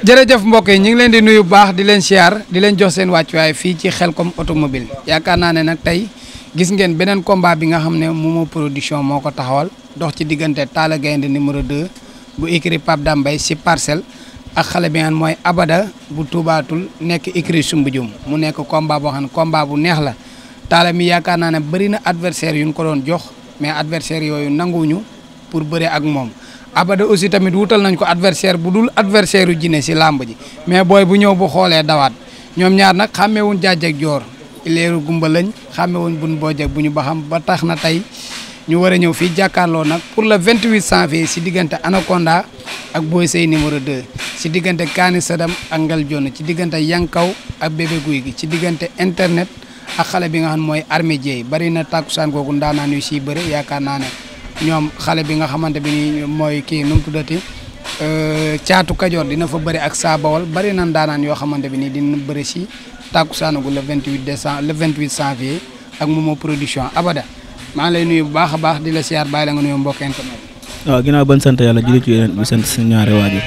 jërëjëf mbokk yi ñu ngi leen di nuyu baax di leen siyaar di leen jox seen wàccuwaay fii ci xel comme automobile yaakaar naa ne nag tey gis ngeen beneen combat bi nga xam ne Momo production moo ko taxawal dox ci diggante Talla Gaynde numéro de bu écurie Pape Dambay si parcelle ak xale bi ngeen mooy Abada bu tuubaatul nekk écurie Soumbédioune mu nekk combat boo xam ne bu neex la Talla mi yaakaar naa ne bëri na adversaire yu ñu ko doon jox mais adversaire yooyu nanguwuñu pour bëre ak moom abada aussi tamit wutal nañ ko adversaire bu dul adversaire u Djiné si làmb ji mais booy bu ñëw bu xoolee dawaat ñoom ñaar nag xàmmeewuñ jaaj ak joor leeru gumba lañ xàmmeewuñ bun booj ak bu ñu baxam ba tax na tey ñu war a ñëw fii jàkkaarloo nag pour le 28 janvier si diggante anakonda ak booy Sey numéro 2 si diggante Kaani Sadam ak Ngal Jonn ci diggante Yankaw ak Bébé Guy gi ci diggante internet ak xale bi nga xam mooy armée Dieye bari na tàkkusaan googu ndaanaan yu siy bëre yaakaar naa ne ñoom xale bi nga xamante bi ni mooy kii nu mu tuddati euh, caatu kajoor dina fa bëri ak saa bawal bëri nan daanaan yoo xamante bi nii dina bëri si tàkkusaanagu le 28 décembre le 28 janvier ak Momo production abada maa ngi lay nuyu bu baax a baax di la siyaar bàyyi la nga nuyu mbokk internet waaw ginnaaw ban sant yàlla jëlee ci yeneen di sant suñu ñaari waajur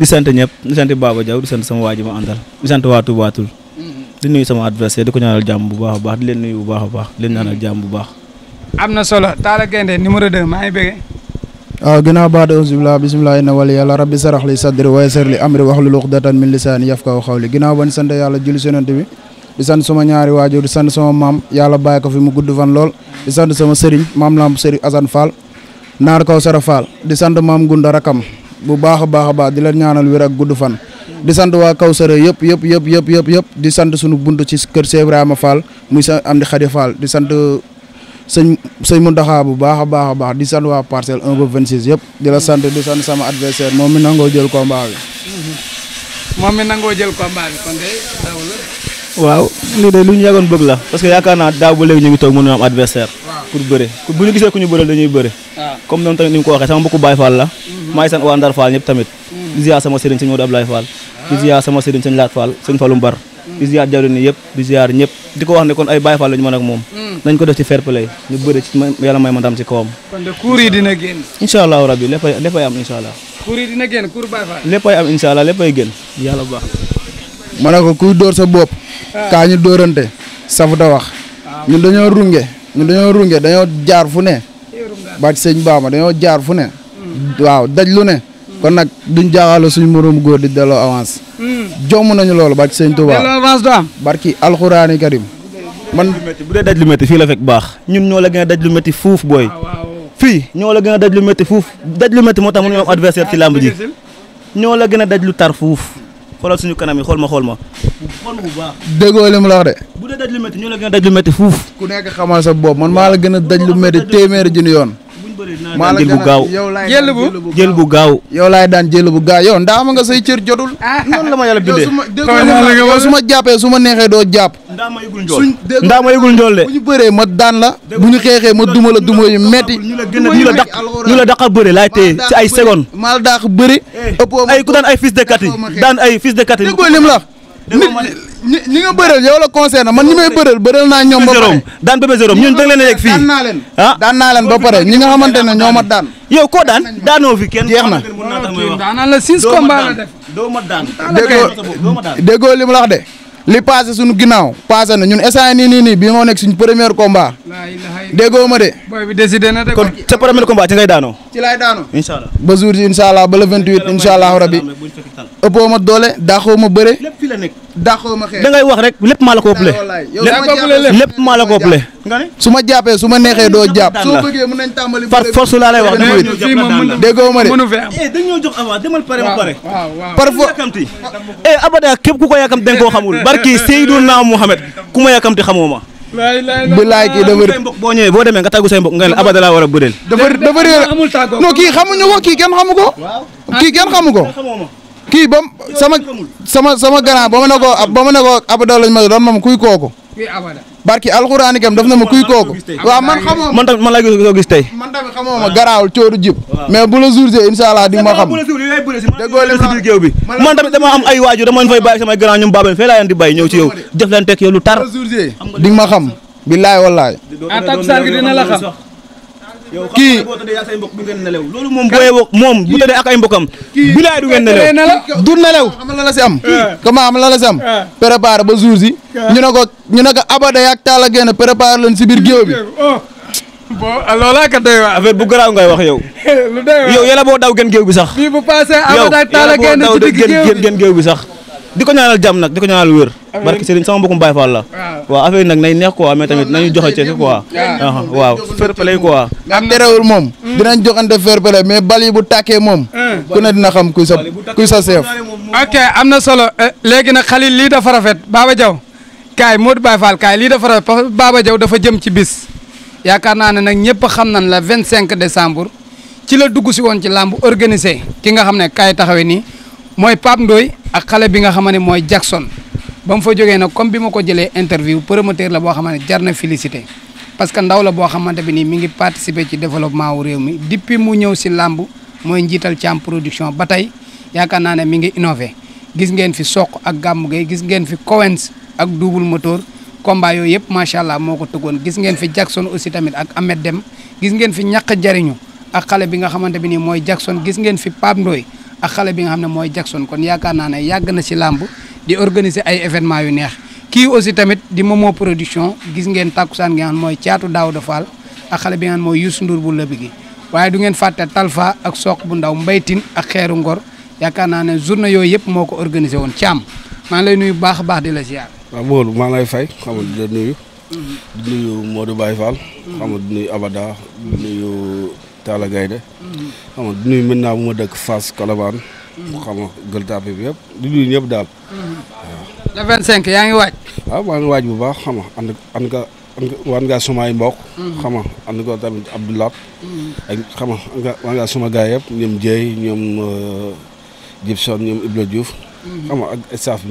di sant ñëpp di di sant sama waajur di sant waa Touba Toul mm-hmm. di nuyu sama bu baax a baax di leen nuyu bu baax a baax di leen ñaanal jàmm bu am na solo Talla Gaindé numéro 2 maa ngi bëggee. waaw ah, ginnaaw baat auzubillah bisimilah inna wali yàlla rabbi sarax li sadri wa yassir li amri wahlul uqdatan min lisaani yafqahu qawli ginnaaw ban sant yàlla julli sonante bi di sant sama ñaari waajur di sant sama maam yàlla baay ko fi mu gudd fan lool di sant sama sëriñ maam lamp sëriñ Assane Fall naar kaw sara Fall di sant maam Gunda rakam bu baax a baax a baax di leen ñaanal wér ak gudd fan di sant waa kaw sara yëpp yëpp yëpp yëpp yëpp yëpp di sant sunu bunt ci kër Cheikh Ibrahima Fall muy sa am di Xadi di sant sëñ sëñ Mountakha bu baax a baax baax di sant waa parcelle 1 ba 26 yëpp di la sant di sant sama adversaire moom mi nangoo jël combat bi. Mm-hmm. moom mi nangoo jël combat bi kon de daaw lu ñu yàggoon bëgg la parce que yaakaar naa daaw léegi ñu ngi toog mënuñu am adversaire. pour bëre bu ñu gisee ku ñu bëre dañuy bëre. Ah. comme noonu tamit ni mu ko waxee sama mbokku Baye Fall la. Mm-hmm. maa ngi sant waa Ndar Fall ñëpp tamit. Mm. di ziar sama sëriñ sëñ Modou Abdoulaye Fall. di ah. di ziar jawrin yëpp di ziar ñëpp di ko wax ne kon ay Baye Fall lañu mën moom hmm. nañ ko def ci fair play ñu bëri ci yàlla may ma ndam ci kawam kon de kuur yi dina génn incha allahu rabbi léppay am incha allah kuur génn kuur ma ne ko kuy dóor sa bopp ah. kaa ñu dóorante safuta wax ah. ñun dañoo runge ñun dañoo jaar fu ne baat sëñ Baama dañoo jaar fu ne hmm. waaw daj ne kon nag duñ jaaxaale suñu moroom góor di delloo avance. Hmm. jomm nañu loolu barki sëñ Touba delloo avance du am. barki alxuraani karim man bu dee daj lu métti fii la fekk baax ñun ñoo la gën a daj lu métti fuuf booy. Ah, fii ñoo la gën a daj lu métti fuuf daj moo tax mënuñu am adversaire ci làmb ji ñoo la gën a daj lu tar fuuf xoolal suñu kanam yi xool ma xool ma. xool ma bu baax. déggoo li mu la wax de. bu dee daj lu métti ñoo la gën a daj lu métti fuuf. ku nekk xamal sa bopp man maa la gën a daj lu métti téeméeri junni yoon. maa la jël bu gaaw jël bu jël bu gaaw yow laay daan jël bu gaaw yow ndaama nga say cër jotul ah. ma yàlla bindee yow su ma jàppee su ma neexee doo jàpp ndaama yëgul njool de bu ñu bëree ma daan la bu ñu xeexee ma duma la duma yu metti ñu la daq ñu la daqal bëri laay téye ci ay seconde maa la daq bëri eh, ay ku daan ay fils de kat yi daan ay fils de kat yi ñi ñi nga bëreel yow la concerné man ñi may bëreel bëreel naa ñoom ba pare daan bébé zéro leen a yegg fii daan naa leen ah daan naa leen ba pare ñi nga xamante ne ñoo ma daan yow koo daan daanoo fi kenn jeex na daanaan la six combat li mu la de li passé suñu ginnaaw passé na ñun instant nii nii nii bii moo nekk suñu premier combat déggoo ma de. kon sa premier combat ci ngay daanoo. ba jour ji incha allah ba le 28 incha allah rabi doole daaxoo bëre dàqoo ma xeex da ngay wax rek lépp maa la ko ah, ëppale. su ma jàppee su ma neexee doo jàpp. soo bëggee mën nañ tàmbali. par force laa lay wax du wér. déggoo ma de. Eh, dañoo jox avant par force yàkkamti. Eh, abada képp ku ko yàkkamti da xamul. barki Seydina Mohamed ku ma yàkkamti xamoo ma. bu laay kii dafa say mbokk boo ñëwee boo demee nga tàggu say mbokk nga ne abada laa war a bëreel. dafa dafa réer kii xamuñu ko kii kenn xamu ko. kii kenn xamu ko. kii ba sama sama sama grand ba ma ne ko ba ma ne ko ma kuy kooku. barki alxuraan kam daf na ma kuy kooku. waaw man xamoo man tamit man laa gis tey. man tamit xamoo ma ah. garaawul cooru jib. mais bu la jour jee incha allah di ma xam. déggoo leen si biir géew bi. man tamit fay bàyyi samay grand ñoom baabeen fee laa leen di ci yow. def leen teg yow lu tar. di ma xam. billaay wallaay. kii loolu moom booyee wax moom bu tëddee ak ay mbokam bilaay du ngeen nelew du nelew xam la la si am comment am la la si am préparé ba jour si ñu ne ko ñu ne ko abada yaag taal a génn leen si biir géew bi oh. bon loolaa kat doy waa affaire bu garaaw ngay wax yow. lu boo daw gen géew bi sax. bii bu paasee Amady ak Talla génn ci digg géew bi sax. di ko ñaanal jàmm nag di ko ñaanal wér. barke Serigne sama mbokkum Baye Fall la. waaw affaire yi nag nay neex quoi mais tamit nañu joxe ci quoi. Ah, waaw fair play quoi. am terewul moom. Hmm. dinañ joxante fair play mais bal bu tàkkee moom. Hmm. ku ne dina xam kuy sa kuy sa chef. ok am na solo eh, léegi nag Khalil lii dafa rafet Baba Diaw kaay Modou Baye Fall kaay lii dafa rafet parce que Baba dafa jëm ci bis. yaakaar naa ne nag ñëpp xam nañ la vingt cinq décembre ci la dugg si woon ci làmb organisé ki nga xam ne kaay taxawee nii mooy Pape Ndoye ak xale bi nga xam ne mooy Jackson ba mu fa jógee nag comme bi ma ko jëlee interview promoteur la boo xam ne jar na félicité parce que ndaw la boo xamante bi nii mi ngi participer ci développement wu réew mi depuis mu ñëw si làmb mooy njiital Thiam production ba tey yaakaar naa ne mi ngi innové gis ngeen fi soq ak gàmmu gay gis ngeen fi Cowens ak double moteur combat yooyu yëpp macha allah moo ko tëggoon gis ngeen fi Jackson aussi tamit ak Ahmed Dem gis ngeen fi ñàq jariñu ak xale bi nga xamante bi nii mooy Jackson gis ngeen fi Pape ak xale bi nga xam ne mooy Jackson kon yaakaar naa ne yàgg na si làmb di organiser ay événement yu neex kii aussi tamit di Momo production gis ngeen tàkkusaan nga xam mooy caatu Daouda Fall ak xale bi nga xam mooy Youssou Ndour bu la bi gi waaye du ngeen fàtte fa ak Soq bu ndaw mbaytin ak xeeru ngor yaakaar naa ne journée yooyu yëpp moo ko organisé woon Thiam maa ngi lay nuyu baax baax di la ziar. waaw Mawal maa lay fay xam nga di la nuyu. Mm-hmm. di nuyu Modou Baye Talla Gaynde xam nga du nuyu maintenant bu ma dëkk Fass Colobane xam nga Gueule Tapée bi yëpp daal waaw vingt cinq yaa ngi waaj waaw ngi waaj bu baax xama nga ànd ànd nga waan ngaa suma ay mbokk xam nga ànd ko tamit Abdoulaye ak xam nga waan suma gaay yëpp ñoom Dieye ñoom euh, Gibson ñoom Ibla Diouf xam nga ak staff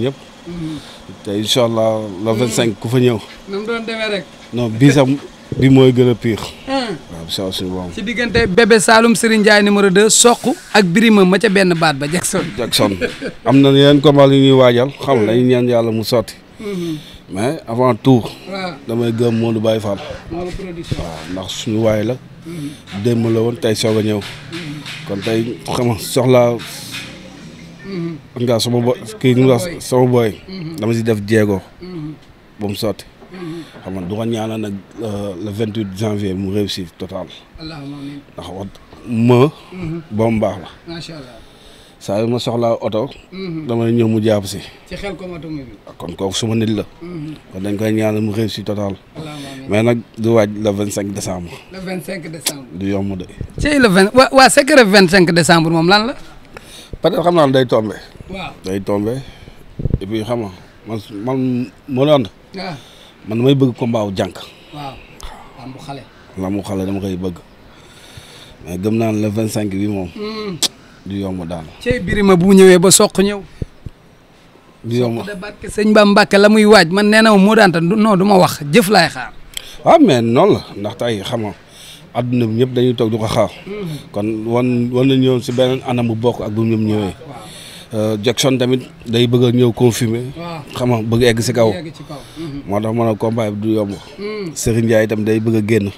te incha allah vingt cinq ku fa ñëw nu doon demee rek non bii bi mooy gën a pire. Hmm. waaw saa suñu borom. ci diggante bébé Saloum Serigne Ndiaye numéro 2 soq ak birima ma ca benn baat ba Jackson. Jackson am na yeneen combat la ñuy mu sotti. Hmm. mais avant tout. damay gëm Modou Baye Fall. waaw ndax suñu waay la. démb la woon tey soog a ñëw. Hmm. kon tey xam nga soxlaa. nga sama booy. dama ci def jéego. ba mu sotti. xam nga du ko ñaanal nag euh, le vingt huit janvier mu réussir total. ma. Mhm. ba mu baax la. macha ma soxla oto. Mhm. damay ñëw mu jàpp si. ci kon kooku suma nit la. Mhm. kon dañ koy ñaanal mu réussir total. mais nag du waaj le vingt cinq décembre. le vingt cinq décembre. du yomb de. ci le vingt waa waa vingt cinq décembre moom lan la. peut-être xam naa day tombé. waaw day tombé et puis man man man damay bëgg ko wu jànk. waaw lambu xale. dama koy bëgg mais gëm naa la le vingt cinq bi moom. Hmm. du yomb daal. cey birima bu ñëwee ba soq ñëw. du yomb soq de barke sëñ Ba Mbàkke la muy waaj man nee na moo daan tan non du wax jëf laay xaar. waaw ah, mais noonu la ndax tey xam nga adduna ñëpp dañuy toog du ko xaar. Hmm. kon wan wan nañu si beneen anam bu bokk ak bu ñoom ñëwee. Euh, Jackson tamit day bëgg a ñëw confirmer. xam nga bëgg egg si kaw. Mhm. moo tax ma ne combat bi du yomb. Mhm. Serigne Ndiaye itam day bëgg a génn.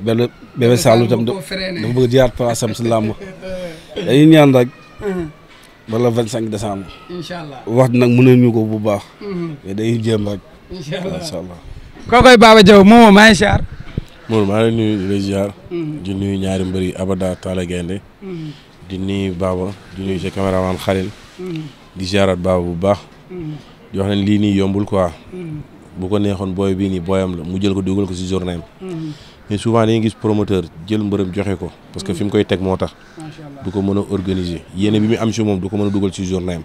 benn Bébé Saloum itam dafa bëgg ñaan rek. Mhm. bala vingt cinq décembre. incha allah wax nag mënuñu bu baax. mais dañuy jéem rek. incha allah incha allah. kookoy Baba Diaw moomoo moom maa ngi nuyu di ziar. di nuyu ñaari mbër Abada Talla Gaynde di nuyu Baba di nuyu sa caméraman di jaaraat baaba bu baax mm. di wax ne lii nii yombul quoi mm. bu ko neexoon booy bii nii booyam la mu jël ko dugal ko si journée am mm. mais souvent dañuy gis promoteur jël mbërëm joxe ko parce que fi mu koy teg moo tax du ko mën a organiser yéene bi mu am si moom du ko mën a dugal si journée am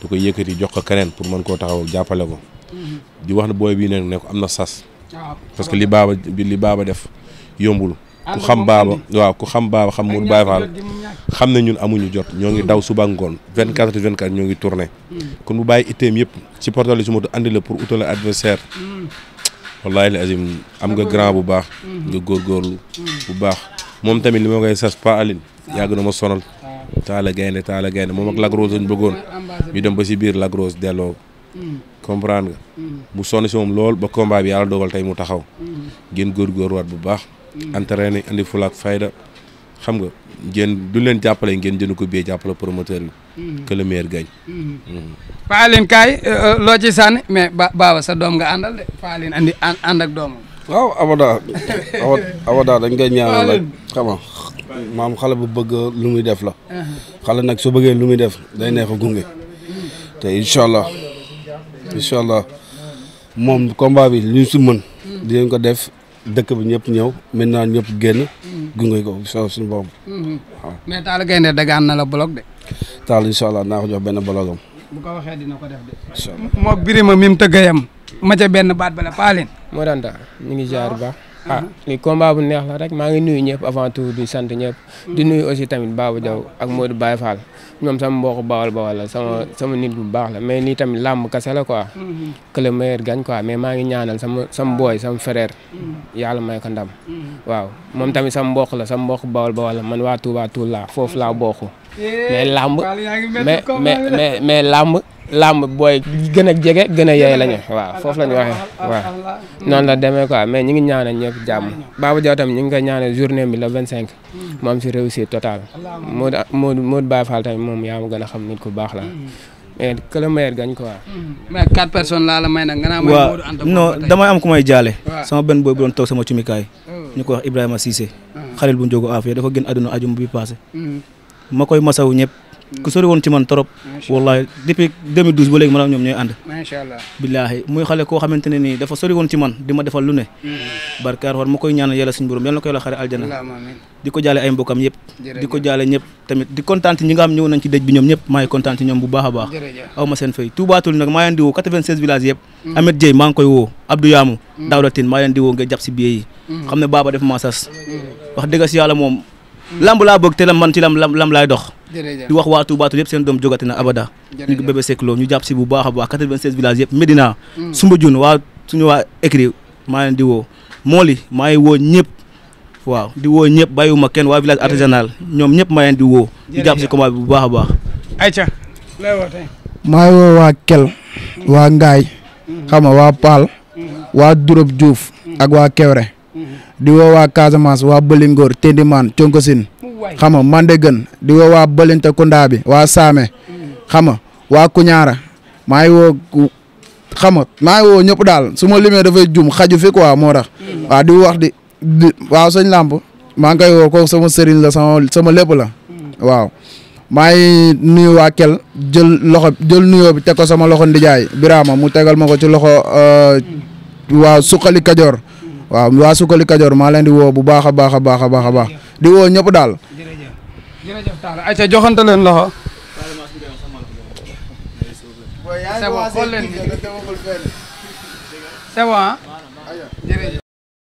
du ko yëkkati jox ko keneen pour mën koo taxaw jàppale ko di wax ne booy bii nag ne ko am na sas ah, parce que li baaba li baaba def yombul ku xam baaba waaw ku xam baaba xam Modou Baye Fall xam na ñun amuñu jot ñoo ngi mm. daw suba ngoon 24 24 ñoo ngi tourné mm. kon bu bàyyi itteem yëpp si portal yi su ma doon andi la pour utale adversaire mm. wallaahi la azim am nga grand bu baax nga góor bu baax moom tamit li ma koy sas pa Aline ah. yàgg na ma sonal ah. taala gaynde taala gaynde moom ak lagrose lañ bëggoon ñu dem ba si biir lagrose delloo comprend nga bu sonn si moom lool ba combat bi tey mu taxaw gën góorgóorluwaat bu baax entraîné indi fulaak fayda xam nga ngeen du leen jàppale ngeen jënd ko bee jàppale promoteur bi. Mhm. que le maire gagne. Faaline mhm. mhm. kaay euh, euh, loo ci sànni mais ba baaba sa doom nga àndal de Faaline andi ànd doomam. waaw abada abada dañ koy ñaanal rek xale bu bëgg lu muy def la. xale nag su bëggee lu ngi def day neex a gunge. te incha allah moom combat bi lu ñu si mën. dinañ ko def dëkk bi ñëpp ñëw maintenant ñëpp génn. gunge ko soo suñu boobu. Mhm. waaw mais Talla Gaindé dagaan na la bloc de. Talla incha allah naa ko jox benn blocam. bu ko waxee dina ko def de. incha allah moog Birima mi yam ma benn baat bala paalin. moo daan ñu ngi jaar ba ah mhm. li combat bu neex la rek maa ngi nuyu ñëpp avant tout di sant ñëpp. di mhm. nuyu aussi tamit Babou Diaw ak Modou Baye Fall ñoom sama la sama mhm. sama nit bu baax la mais lii tamit làmb kese la quoi. que le meilleur gagne quoi mais maa ngi ñaanal sama sama ah. booy sama frère. yàlla may ko ndam. waaw moom tamit sama mbokk la sama mbokk bawal bawal la man waa Touba Toula foofu laa bokk. Eh, mais làmb mais làmb booy gën a jege gën a yey lañu waaw foofu lañu waxee waaw noonu la demee quoi mais ñu ngi ñaanal ñëpp jàmm Baba Diaw tam ñu ngi koy ñaanal journée bi la vingt cinq mu am si réussite totale Modou Modou Modou Baye moom yaa ma xam nit ku baax la mais que le meilleur gagne quoi. mais quatre personnes laa la may nag. am ku may jaale. sama benn boy bu doon toog sama cumikaay. Oh. ñu ko wax Ibrahima Cissé. Ah. xalil bu njóogu affaire dafa gën àdduna ajuma bi passé mm-hmm. ma koy masawu ñëpp. ko sori woon ci man trop wallahi depuis 2012 ba léegi maanaam ñoom ñooy ànd macha billaahi muy xale koo xamante ne nii dafa sori woon ci man di ma defal lu ne mm-hmm. barkaar war ma koy ñaanal yàlla suñu borom yàlla koy la xare aljana di ko jaale ay mbokkam yëpp di ko jaale ñëpp tamit di kontaan ñi nga xam ñëw nañ ci dëj bi ñoom ñëpp maa ngi kontaan ñoom bu baax a baax aw ma seen fay tuubaatul nag maa leen di woo mm-hmm. mm-hmm. di woo nga jàpp si biir yi xam ne moom lamb laa bëgg te lam man ci lam lam laay dox di wax waa Touba yëpp seen doom jógati na abada ñu bébé Seklo ñu jàpp si bu baax a baax 96 villages yëpp Médina mm. Soumbédioune waa suñu waa écrit maa leen di woo Moli maa ngi woo ñëpp waaw di woo ñëpp bàyyiwuma kenn waa village artisanal ñoom ñëpp maa leen di woo ñu jàpp si combat bi bu baax a baax ayca maa ngi woo waa Kel mm. waa Ngaay mm. xam nga waa Paal waa Durop Diouf ak waa Kewre di woo waa Casamance waa Bëlingoor Tendimane Tionkosin xam nga man de gën di woo waa Bëlinte Kunda bi waa Saame xam nga waa Kuñaara maa ngi woo xam nga maa ngi woo ñëpp daal su ma limee dafa jum xaju fi quoi moo tax waaw di wax di di waaw sëñ làmp maa ngi koy woo ko sama sëriñ la sama sama lépp la waaw maa ngi nuyu waa kel jël loxo jël nuyoo bi teg ko sama loxo ndijaay Birama mu tegal ma ko ci loxo euh, waa Suqali Kajoor waaw waa Suqali Kajoor maa leen di woo bu baax a baax a baax baax a baax di woo ñëpp daal jërëjëf Talla ayca joxante leen